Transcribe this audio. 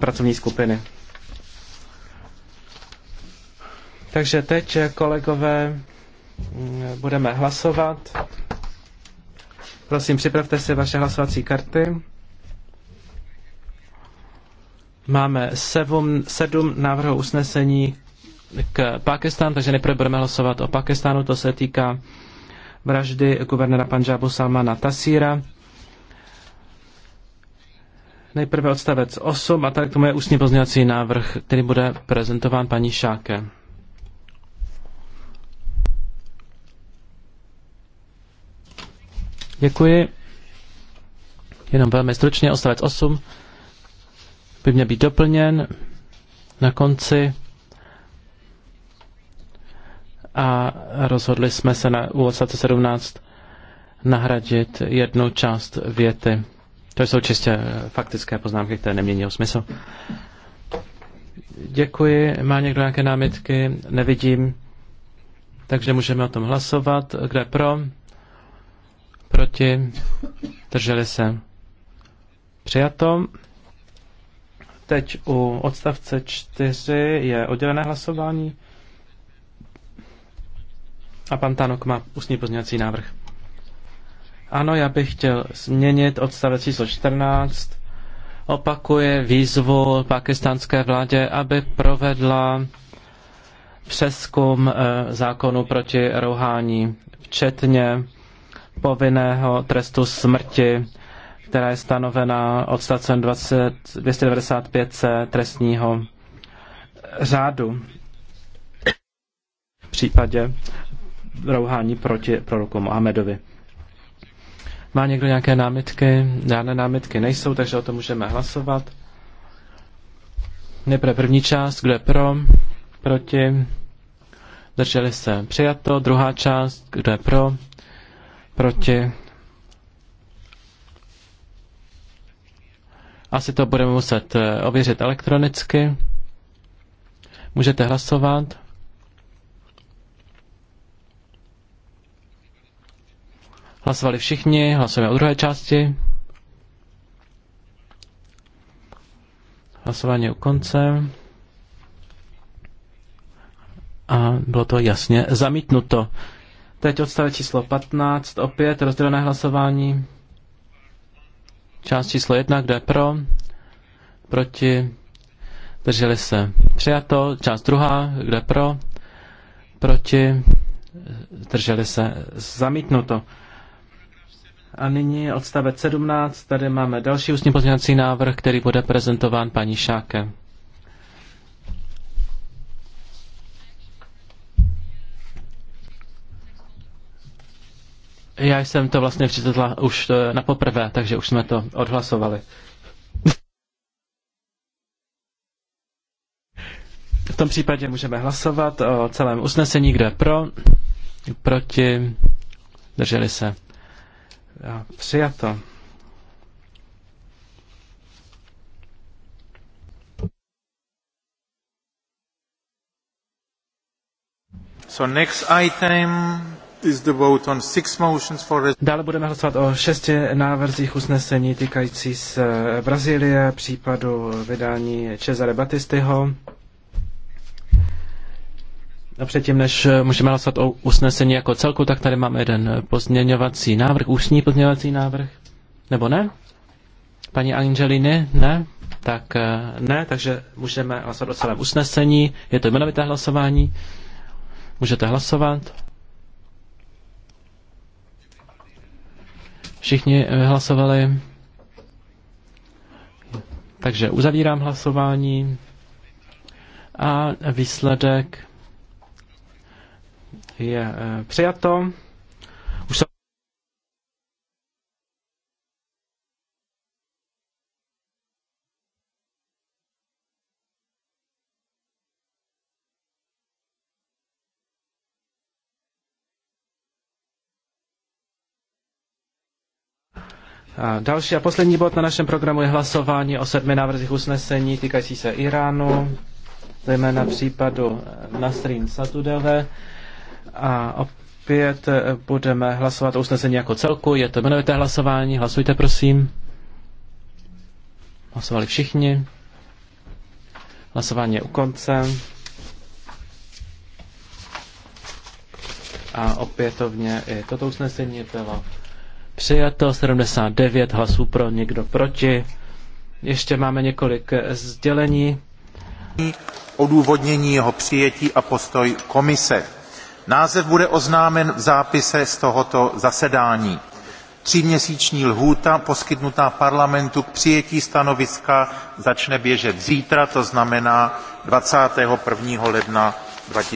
pracovní skupiny. Takže teď, kolegové, budeme hlasovat. Prosím, připravte si vaše hlasovací karty. Máme sedm, sedm návrhů usnesení k Pakistánu, takže nejprve budeme hlasovat o Pakistánu. To se týká vraždy guvernéra Panžábu Salmana Tasíra. Nejprve odstavec 8 a tak tomu je ústní pozměňovací návrh, který bude prezentován paní Šáke. Děkuji. Jenom velmi stručně, odstavec 8 by měl být doplněn na konci a rozhodli jsme se na úvodce 17 nahradit jednu část věty. To jsou čistě eh, faktické poznámky, které nemění o smysl. Děkuji. Má někdo nějaké námitky? Nevidím. Takže můžeme o tom hlasovat. Kde pro? Proti? Drželi se. Přijato. Teď u odstavce 4 je oddělené hlasování. A pan Tánok má ústní pozměňovací návrh. Ano, já bych chtěl změnit odstavec číslo 14. Opakuje výzvu pakistánské vládě, aby provedla přeskum eh, zákonu proti rouhání, včetně povinného trestu smrti, která je stanovena odstavcem 295c trestního řádu v případě rouhání proti proroku Mohamedovi. Má někdo nějaké námitky? Žádné námitky nejsou, takže o tom můžeme hlasovat. Nejprve první část, kdo je pro, proti, drželi se přijato. Druhá část, kdo je pro, proti. Asi to budeme muset eh, ověřit elektronicky. Můžete hlasovat. Hlasovali všichni, hlasujeme o druhé části. Hlasování u konce. A bylo to jasně zamítnuto. Teď odstavec číslo 15, opět rozdělené hlasování. Část číslo 1, kde pro, proti, drželi se přijato. Část druhá, kde pro, proti, drželi se zamítnuto. A nyní odstavec 17. Tady máme další ústní pozměňovací návrh, který bude prezentován paní Šáke. Já jsem to vlastně přečetla už eh, na poprvé, takže už jsme to odhlasovali. V tom případě můžeme hlasovat o celém usnesení, je pro, proti, drželi se. Přijato. So next item is the vote on six motions for... Dále budeme hlasovat o šesti návrzích usnesení týkající se Brazílie, případu vydání Cesare Batistyho. A předtím, než eh, můžeme hlasovat o usnesení jako celku, tak tady máme jeden eh, pozměňovací návrh, ústní pozměňovací návrh, nebo ne? Paní Angeliny, ne? Tak eh, ne, takže můžeme hlasovat o celém usnesení. Je to jmenovité hlasování. Můžete hlasovat. Všichni hlasovali. Takže uzavírám hlasování a výsledek je eh, přijato. Už A další a poslední bod na našem programu je hlasování o sedmi návrzích usnesení týkající se Iránu, zejména případu eh, Nasrin Satudeve. A opět eh, budeme hlasovat o usnesení jako celku. Je to jmenovité hlasování. Hlasujte, prosím. Hlasovali všichni. Hlasování je u konce. A opětovně i toto usnesení bylo přijato. 79 hlasů pro, někdo proti. Ještě máme několik eh, sdělení. Odůvodnění jeho přijetí a postoj komise. Název bude oznámen v zápise z tohoto zasedání. Tříměsíční lhůta poskytnutá parlamentu k přijetí stanoviska začne běžet zítra, to znamená 21. ledna 2010.